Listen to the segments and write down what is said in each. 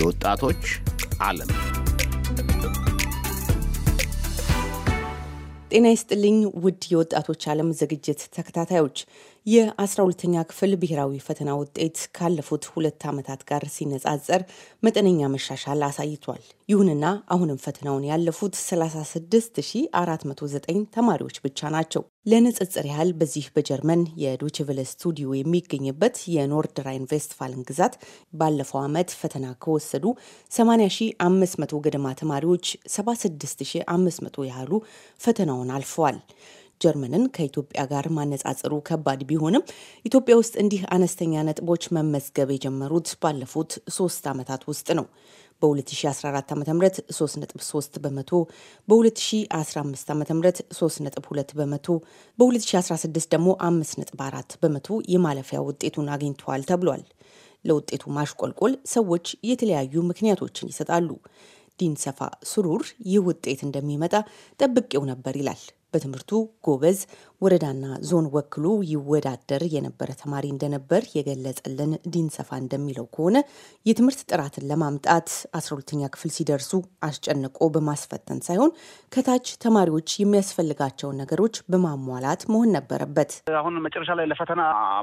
የወጣቶች ዓለም ጤና ይስጥልኝ ውድ የወጣቶች ዓለም ዝግጅት ተከታታዮች የ12ተኛ ክፍል ብሔራዊ ፈተና ውጤት ካለፉት ሁለት ዓመታት ጋር ሲነጻጸር መጠነኛ መሻሻል አሳይቷል። ይሁንና አሁንም ፈተናውን ያለፉት 36409 ተማሪዎች ብቻ ናቸው። ለንጽጽር ያህል በዚህ በጀርመን የዶችቨለ ስቱዲዮ የሚገኝበት የኖርድራይን ቬስትፋልን ግዛት ባለፈው ዓመት ፈተና ከወሰዱ 80500 ገደማ ተማሪዎች 76500 ያህሉ ፈተናውን አልፈዋል። ጀርመንን ከኢትዮጵያ ጋር ማነጻጸሩ ከባድ ቢሆንም ኢትዮጵያ ውስጥ እንዲህ አነስተኛ ነጥቦች መመዝገብ የጀመሩት ባለፉት ሶስት ዓመታት ውስጥ ነው። በ2014 ዓ ም 3.3 በመቶ፣ በ2015 ዓ ም 3.2 በመቶ፣ በ2016 ደግሞ 5.4 በመቶ የማለፊያ ውጤቱን አግኝተዋል ተብሏል። ለውጤቱ ማሽቆልቆል ሰዎች የተለያዩ ምክንያቶችን ይሰጣሉ። ዲንሰፋ ስሩር ይህ ውጤት እንደሚመጣ ጠብቄው ነበር ይላል። በትምህርቱ ጎበዝ ወረዳና ዞን ወክሎ ይወዳደር የነበረ ተማሪ እንደነበር የገለጸልን ዲንሰፋ እንደሚለው ከሆነ የትምህርት ጥራትን ለማምጣት አስራ ሁለተኛ ክፍል ሲደርሱ አስጨንቆ በማስፈተን ሳይሆን ከታች ተማሪዎች የሚያስፈልጋቸውን ነገሮች በማሟላት መሆን ነበረበት። አሁን መጨረሻ ላይ ለፈተና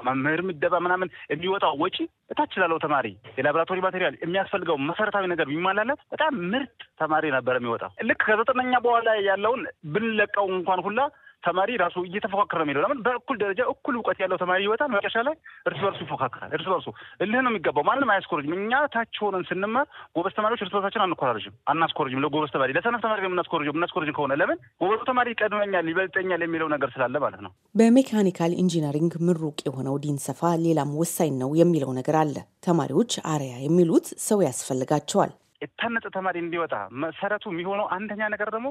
መምህር ምደባ ምናምን የሚወጣው ወጪ እታች ላለው ተማሪ የላቦራቶሪ ማቴሪያል የሚያስፈልገው መሰረታዊ ነገር የሚሟላለት በጣም ምርጥ ተማሪ ነበር የሚወጣው። ልክ ከዘጠነኛ በኋላ ያለውን ብንለቀው እንኳን ሁላ ተማሪ ራሱ እየተፎካከረ ነው የሚለው። ለምን በእኩል ደረጃ እኩል እውቀት ያለው ተማሪ ይወጣል። መጨረሻ ላይ እርስ በርሱ ይፎካከራል። እርስ በርሱ እልህ ነው የሚገባው። ማንም አያስኮርጅም። እኛ ታች ሆነን ስንማር ጎበዝ ተማሪዎች እርስ በርሳችን አንኮራርጅም፣ አናስኮርጅም። ለጎበዝ ተማሪ ለሰነፍ ተማሪ ነው የምናስኮርጀው። የምናስኮርጅ ከሆነ ለምን ጎበዙ ተማሪ ይቀድመኛል፣ ይበልጠኛል የሚለው ነገር ስላለ ማለት ነው። በሜካኒካል ኢንጂነሪንግ ምሩቅ የሆነው ዲን ሰፋ ሌላም ወሳኝ ነው የሚለው ነገር አለ። ተማሪዎች አርያ የሚሉት ሰው ያስፈልጋቸዋል። የታነጸ ተማሪ እንዲወጣ መሰረቱ የሚሆነው አንደኛ ነገር ደግሞ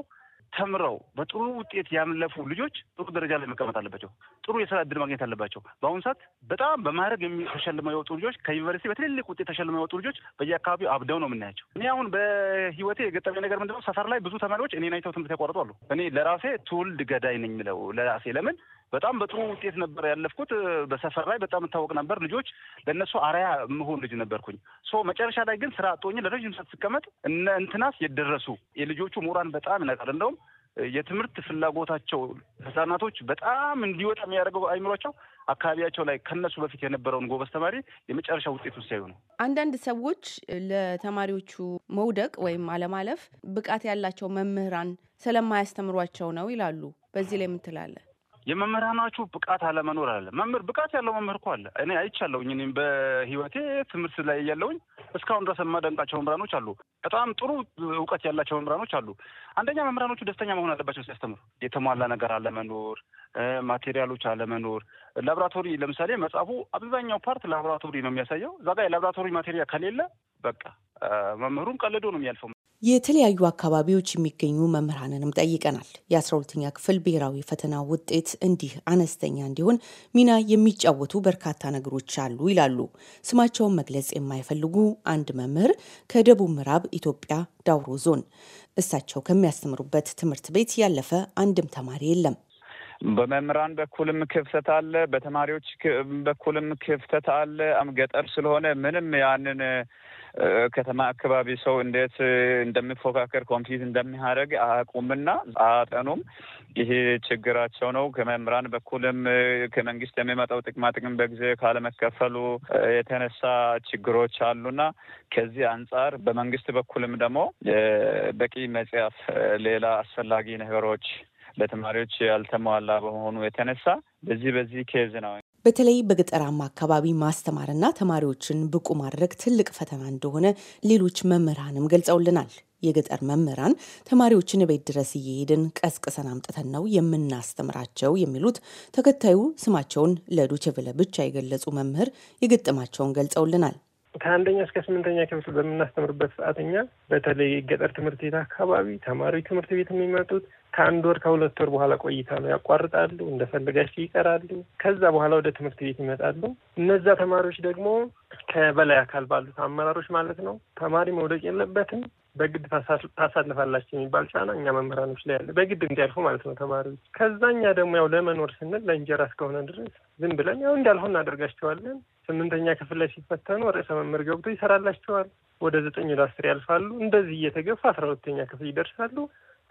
ተምረው በጥሩ ውጤት ያለፉ ልጆች ጥሩ ደረጃ ላይ መቀመጥ አለባቸው። ጥሩ የስራ እድል ማግኘት አለባቸው። በአሁኑ ሰዓት በጣም በማድረግ ተሸልመው የወጡ ልጆች ከዩኒቨርሲቲ በትልልቅ ውጤት ተሸልመው የወጡ ልጆች በየአካባቢው አብደው ነው የምናያቸው። እኔ አሁን በህይወቴ የገጠመኝ ነገር ምንድነው? ሰፈር ላይ ብዙ ተማሪዎች እኔን አይተው ትምህርት ያቋርጡ አሉ። እኔ ለራሴ ትውልድ ገዳይ ነኝ የምለው ለራሴ ለምን በጣም በጥሩ ውጤት ነበር ያለፍኩት። በሰፈር ላይ በጣም እታወቅ ነበር። ልጆች ለእነሱ አርያ መሆን ልጅ ነበርኩኝ። ሶ መጨረሻ ላይ ግን ስራ ጦኝ ለረዥም ሰዓት ስቀመጥ እነ እንትናስ የደረሱ የልጆቹ ምሁራን በጣም ይነቃል። እንደውም የትምህርት ፍላጎታቸው ህጻናቶች በጣም እንዲወጣ የሚያደርገው አይምሯቸው አካባቢያቸው ላይ ከነሱ በፊት የነበረውን ጎበዝ ተማሪ የመጨረሻ ውጤቱ ሲያዩ ነው። አንዳንድ ሰዎች ለተማሪዎቹ መውደቅ ወይም አለማለፍ ብቃት ያላቸው መምህራን ስለማያስተምሯቸው ነው ይላሉ። በዚህ ላይ ምን ትላለህ? የመምህራናቹ ብቃት አለመኖር አለ። መምህር ብቃት ያለው መምህር እኮ አለ። እኔ አይቻለሁኝ። እኔም በህይወቴ ትምህርት ላይ እያለውኝ እስካሁን ድረስ የማደንቃቸው መምህራኖች አሉ። በጣም ጥሩ እውቀት ያላቸው መምህራኖች አሉ። አንደኛ መምህራኖቹ ደስተኛ መሆን አለባቸው ሲያስተምሩ። የተሟላ ነገር አለመኖር፣ ማቴሪያሎች አለመኖር፣ ላብራቶሪ ለምሳሌ መጽሐፉ አብዛኛው ፓርት ላብራቶሪ ነው የሚያሳየው። እዛ ጋ የላብራቶሪ ማቴሪያል ከሌለ በቃ መምህሩም ቀልዶ ነው የሚያልፈው የተለያዩ አካባቢዎች የሚገኙ መምህራንንም ጠይቀናል። የ12ኛ ክፍል ብሔራዊ ፈተና ውጤት እንዲህ አነስተኛ እንዲሆን ሚና የሚጫወቱ በርካታ ነገሮች አሉ ይላሉ። ስማቸውን መግለጽ የማይፈልጉ አንድ መምህር ከደቡብ ምዕራብ ኢትዮጵያ ዳውሮ ዞን እሳቸው ከሚያስተምሩበት ትምህርት ቤት ያለፈ አንድም ተማሪ የለም። በመምህራን በኩልም ክፍተት አለ፣ በተማሪዎች በኩልም ክፍተት አለ። ገጠር ስለሆነ ምንም ያንን ከተማ አካባቢ ሰው እንዴት እንደሚፎካከር ኮምፒት እንደሚያደርግ አያውቁምና አያጠኑም። ይሄ ችግራቸው ነው። ከመምህራን በኩልም ከመንግስት የሚመጣው ጥቅማ ጥቅም በጊዜ ካለመከፈሉ የተነሳ ችግሮች አሉና ከዚህ አንጻር በመንግስት በኩልም ደግሞ በቂ መጽሐፍ፣ ሌላ አስፈላጊ ነገሮች ለተማሪዎች ያልተሟላ በመሆኑ የተነሳ በዚህ በዚህ ኬዝ ነው። በተለይ በገጠራማ አካባቢ ማስተማርና ተማሪዎችን ብቁ ማድረግ ትልቅ ፈተና እንደሆነ ሌሎች መምህራንም ገልጸውልናል። የገጠር መምህራን ተማሪዎችን ቤት ድረስ እየሄድን ቀስቅሰን አምጥተን ነው የምናስተምራቸው የሚሉት ተከታዩ ስማቸውን ለዶችቨለ ብቻ የገለጹ መምህር የገጠማቸውን ገልጸውልናል። ከአንደኛ እስከ ስምንተኛ ክፍል በምናስተምርበት ሰዓት እኛ በተለይ ገጠር ትምህርት ቤት አካባቢ ተማሪዎች ትምህርት ቤት የሚመጡት ከአንድ ወር ከሁለት ወር በኋላ ቆይታ ነው ያቋርጣሉ። እንደፈለጋቸው ይቀራሉ። ከዛ በኋላ ወደ ትምህርት ቤት ይመጣሉ። እነዛ ተማሪዎች ደግሞ ከበላይ አካል ባሉት አመራሮች ማለት ነው ተማሪ መውደቅ የለበትም በግድ ታሳልፋላችሁ የሚባል ጫና እኛ መምህራኖች ላይ ያለ በግድ እንዲያልፉ ማለት ነው ተማሪዎች። ከዛ ደግሞ ያው ለመኖር ስንል ለእንጀራ እስከሆነ ድረስ ዝም ብለን ያው እንዳልሆን እናደርጋቸዋለን። ስምንተኛ ክፍል ላይ ሲፈተኑ ርዕሰ መምህር ገብቶ ይሰራላቸዋል። ወደ ዘጠኝ ወደ አስር ያልፋሉ። እንደዚህ እየተገፉ አስራ ሁለተኛ ክፍል ይደርሳሉ።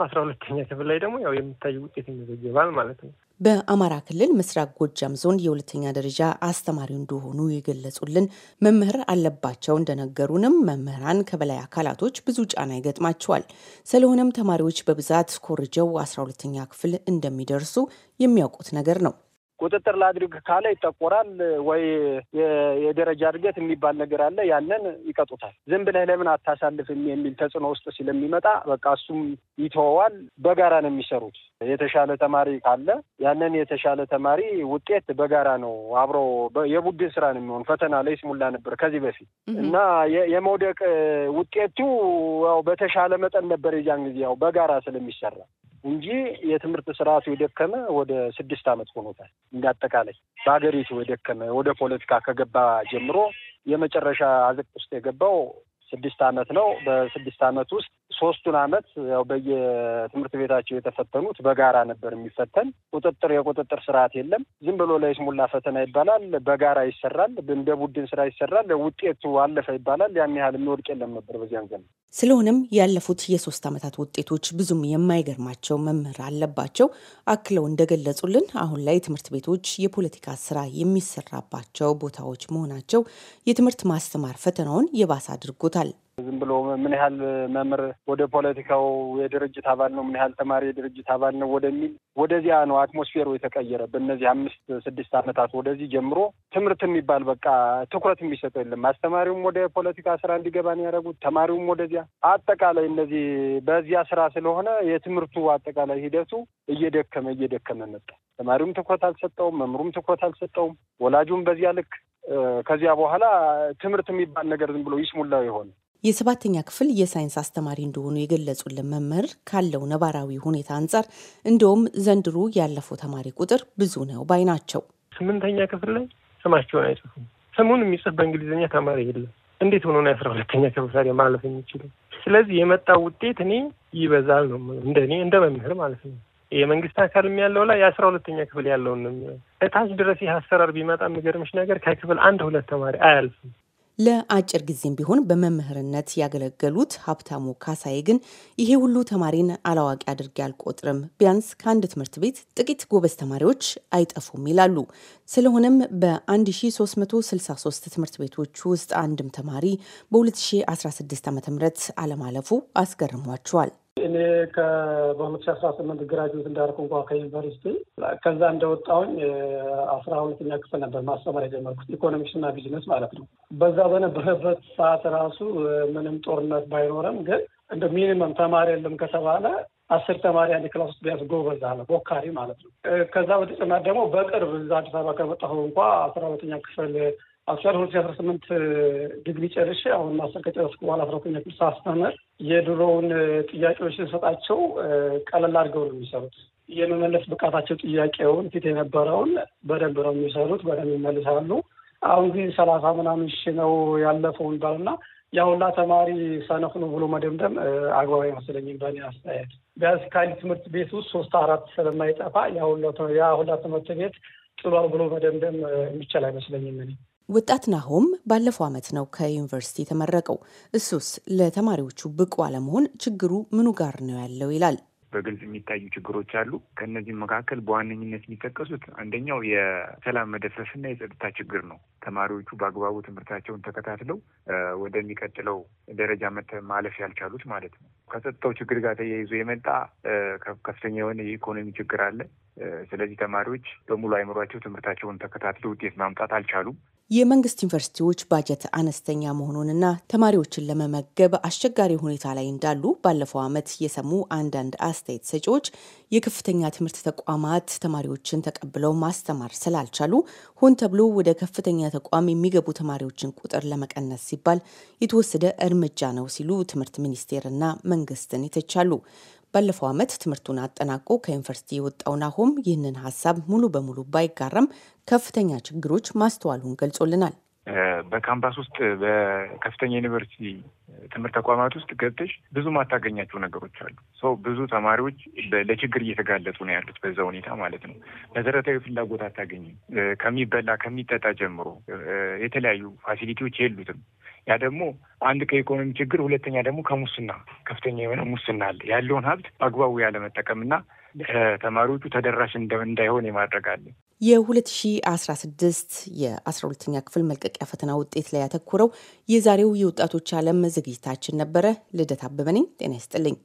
አስራ ሁለተኛ ክፍል ላይ ደግሞ ያው የሚታይ ውጤት ይመዘገባል ማለት ነው። በአማራ ክልል ምስራቅ ጎጃም ዞን የሁለተኛ ደረጃ አስተማሪ እንደሆኑ የገለጹልን መምህር አለባቸው እንደነገሩንም መምህራን ከበላይ አካላቶች ብዙ ጫና ይገጥማቸዋል። ስለሆነም ተማሪዎች በብዛት ኮርጀው አስራ ሁለተኛ ክፍል እንደሚደርሱ የሚያውቁት ነገር ነው። ቁጥጥር ላድርግ ካለ ይጠቆራል ወይ የደረጃ እድገት የሚባል ነገር አለ። ያንን ይቀጡታል። ዝም ብለህ ለምን አታሳልፍም የሚል ተጽዕኖ ውስጥ ስለሚመጣ በቃ እሱም ይተወዋል። በጋራ ነው የሚሰሩት። የተሻለ ተማሪ ካለ ያንን የተሻለ ተማሪ ውጤት በጋራ ነው አብሮ የቡድን ስራ ነው የሚሆን። ፈተና ላይ ስሙላ ነበር ከዚህ በፊት እና የመውደቅ ውጤቱ ያው በተሻለ መጠን ነበር የዚያን ጊዜ ያው በጋራ ስለሚሰራ እንጂ የትምህርት ስርዓቱ የደከመ ወደ ስድስት ዓመት ሆኖታል። እንዳጠቃላይ በሀገሪቱ የደከመ ወደ ፖለቲካ ከገባ ጀምሮ የመጨረሻ አዘቅት ውስጥ የገባው ስድስት ዓመት ነው። በስድስት ዓመት ውስጥ ሶስቱን አመት ያው በየትምህርት ቤታቸው የተፈተኑት በጋራ ነበር የሚፈተን። ቁጥጥር የቁጥጥር ስርዓት የለም። ዝም ብሎ ለይስሙላ ፈተና ይባላል። በጋራ ይሰራል፣ እንደ ቡድን ስራ ይሰራል። ውጤቱ አለፈ ይባላል። ያን ያህል የሚወድቅ የለም ነበር በዚያን ዘመን። ስለሆነም ያለፉት የሶስት አመታት ውጤቶች ብዙም የማይገርማቸው መምህር አለባቸው አክለው እንደገለጹልን አሁን ላይ ትምህርት ቤቶች የፖለቲካ ስራ የሚሰራባቸው ቦታዎች መሆናቸው የትምህርት ማስተማር ፈተናውን የባሰ አድርጎታል። ዝም ብሎ ምን ያህል መምህር ወደ ፖለቲካው የድርጅት አባል ነው፣ ምን ያህል ተማሪ የድርጅት አባል ነው ወደሚል ወደዚያ ነው አትሞስፌሩ የተቀየረ። በእነዚህ አምስት ስድስት ዓመታት ወደዚህ ጀምሮ ትምህርት የሚባል በቃ ትኩረት የሚሰጠው የለም። አስተማሪውም ወደ ፖለቲካ ስራ እንዲገባ ነው ያደረጉት፣ ተማሪውም ወደዚያ አጠቃላይ እነዚህ በዚያ ስራ ስለሆነ የትምህርቱ አጠቃላይ ሂደቱ እየደከመ እየደከመ መጣ። ተማሪውም ትኩረት አልሰጠውም፣ መምህሩም ትኩረት አልሰጠውም፣ ወላጁም በዚያ ልክ ከዚያ በኋላ ትምህርት የሚባል ነገር ዝም ብሎ ይስሙላው የሆነ የሰባተኛ ክፍል የሳይንስ አስተማሪ እንደሆኑ የገለጹልን መምህር ካለው ነባራዊ ሁኔታ አንጻር እንደውም ዘንድሮ ያለፈው ተማሪ ቁጥር ብዙ ነው ባይ ናቸው። ስምንተኛ ክፍል ላይ ስማቸውን አይጽፉም። ስሙን የሚጽፍ በእንግሊዝኛ ተማሪ የለም። እንዴት ሆኖ ነው አስራ ሁለተኛ ክፍል ታዲያ ማለፍ የሚችለው? ስለዚህ የመጣው ውጤት እኔ ይበዛል ነው እንደ እኔ እንደ መምህር ማለት ነው። የመንግስት አካልም ያለው ላይ የአስራ ሁለተኛ ክፍል ያለውን ነው እታች ድረስ ይህ አሰራር ቢመጣ የሚገርምሽ ነገር ከክፍል አንድ ሁለት ተማሪ አያልፍም። ለአጭር ጊዜም ቢሆን በመምህርነት ያገለገሉት ሀብታሙ ካሳዬ ግን ይሄ ሁሉ ተማሪን አላዋቂ አድርጌ አልቆጥርም፣ ቢያንስ ከአንድ ትምህርት ቤት ጥቂት ጎበዝ ተማሪዎች አይጠፉም ይላሉ። ስለሆነም በ1363 ትምህርት ቤቶች ውስጥ አንድም ተማሪ በ2016 ዓ ም አለማለፉ አስገርሟቸዋል። እኔ በሁለት ሺ አስራ ስምንት ግራጁዌት እንዳደረኩ እንኳ ከዩኒቨርሲቲ ከዛ እንደወጣሁኝ አስራ ሁለተኛ ክፍል ነበር ማስተማር የጀመርኩት ኢኮኖሚክስ እና ቢዝነስ ማለት ነው። በዛ በነበረበት ሰዓት ራሱ ምንም ጦርነት ባይኖረም ግን እንደ ሚኒመም ተማሪ የለም ከተባለ አስር ተማሪ አንድ ክላስ ውስጥ ቢያንስ ጎበዝ አለ ቦካሪ ማለት ነው። ከዛ በተጨማሪ ደግሞ በቅርብ እዛ አዲስ አበባ ከመጣሁ እንኳ አስራ ሁለተኛ ክፍል አክቹዋሊ ሁለት አስራ ስምንት ዲግሪ ጨርሼ አሁን ማስተር ከጨረስኩ በኋላ አስራ ሁለተኛ ክፍል ሳስተምር የድሮውን ጥያቄዎች ስንሰጣቸው ቀለል አድርገው ነው የሚሰሩት። የመመለስ ብቃታቸው ጥያቄውን ፊት የነበረውን በደንብ ነው የሚሰሩት፣ በደንብ ይመልሳሉ። አሁን ግን ሰላሳ ምናምን ሺህ ነው ያለፈው ይባልና ያሁላ ተማሪ ሰነፍ ነው ብሎ መደምደም አግባብ አይመስለኝም። በእኔ አስተያየት ቢያንስ ከአንድ ትምህርት ቤት ውስጥ ሶስት አራት ስለማይጠፋ ያሁላ ትምህርት ቤት ጥሏል ብሎ መደምደም የሚቻል አይመስለኝም እኔ ወጣት ናሆም ባለፈው ዓመት ነው ከዩኒቨርሲቲ የተመረቀው። እሱስ ለተማሪዎቹ ብቁ አለመሆን ችግሩ ምኑ ጋር ነው ያለው ይላል። በግልጽ የሚታዩ ችግሮች አሉ። ከእነዚህም መካከል በዋነኝነት የሚጠቀሱት አንደኛው የሰላም መደፍረስና የጸጥታ ችግር ነው። ተማሪዎቹ በአግባቡ ትምህርታቸውን ተከታትለው ወደሚቀጥለው ደረጃ ማለፍ ያልቻሉት ማለት ነው። ከጸጥታው ችግር ጋር ተያይዞ የመጣ ከፍተኛ የሆነ የኢኮኖሚ ችግር አለ። ስለዚህ ተማሪዎች በሙሉ አይምሯቸው ትምህርታቸውን ተከታትለው ውጤት ማምጣት አልቻሉም። የመንግስት ዩኒቨርሲቲዎች ባጀት አነስተኛ መሆኑንና ተማሪዎችን ለመመገብ አስቸጋሪ ሁኔታ ላይ እንዳሉ ባለፈው ዓመት የሰሙ አንዳንድ አስተያየት ሰጪዎች የከፍተኛ ትምህርት ተቋማት ተማሪዎችን ተቀብለው ማስተማር ስላልቻሉ ሆን ተብሎ ወደ ከፍተኛ ተቋም የሚገቡ ተማሪዎችን ቁጥር ለመቀነስ ሲባል የተወሰደ እርምጃ ነው ሲሉ ትምህርት ሚኒስቴርና መንግስትን ይተቻሉ። ባለፈው ዓመት ትምህርቱን አጠናቆ ከዩኒቨርሲቲ የወጣው ናሆም ይህንን ሀሳብ ሙሉ በሙሉ ባይጋራም ከፍተኛ ችግሮች ማስተዋሉን ገልጾልናል። በካምፓስ ውስጥ በከፍተኛ ዩኒቨርሲቲ ትምህርት ተቋማት ውስጥ ገብተሽ ብዙ ማታገኛቸው ነገሮች አሉ። ሰው ብዙ ተማሪዎች ለችግር እየተጋለጡ ነው ያሉት በዛ ሁኔታ ማለት ነው። መሰረታዊ ፍላጎት አታገኝም። ከሚበላ ከሚጠጣ ጀምሮ የተለያዩ ፋሲሊቲዎች የሉትም። ያ ደግሞ አንድ ከኢኮኖሚ ችግር፣ ሁለተኛ ደግሞ ከሙስና ከፍተኛ የሆነ ሙስና አለ። ያለውን ሀብት አግባቡ ያለመጠቀም ና ተማሪዎቹ ተደራሽ እንዳይሆን የማድረግ አለ። የ2016 የ12ኛ ክፍል መልቀቂያ ፈተና ውጤት ላይ ያተኮረው የዛሬው የወጣቶች ዓለም ዝግጅታችን ነበረ። ልደት አበበ ነኝ። ጤና ይስጥልኝ።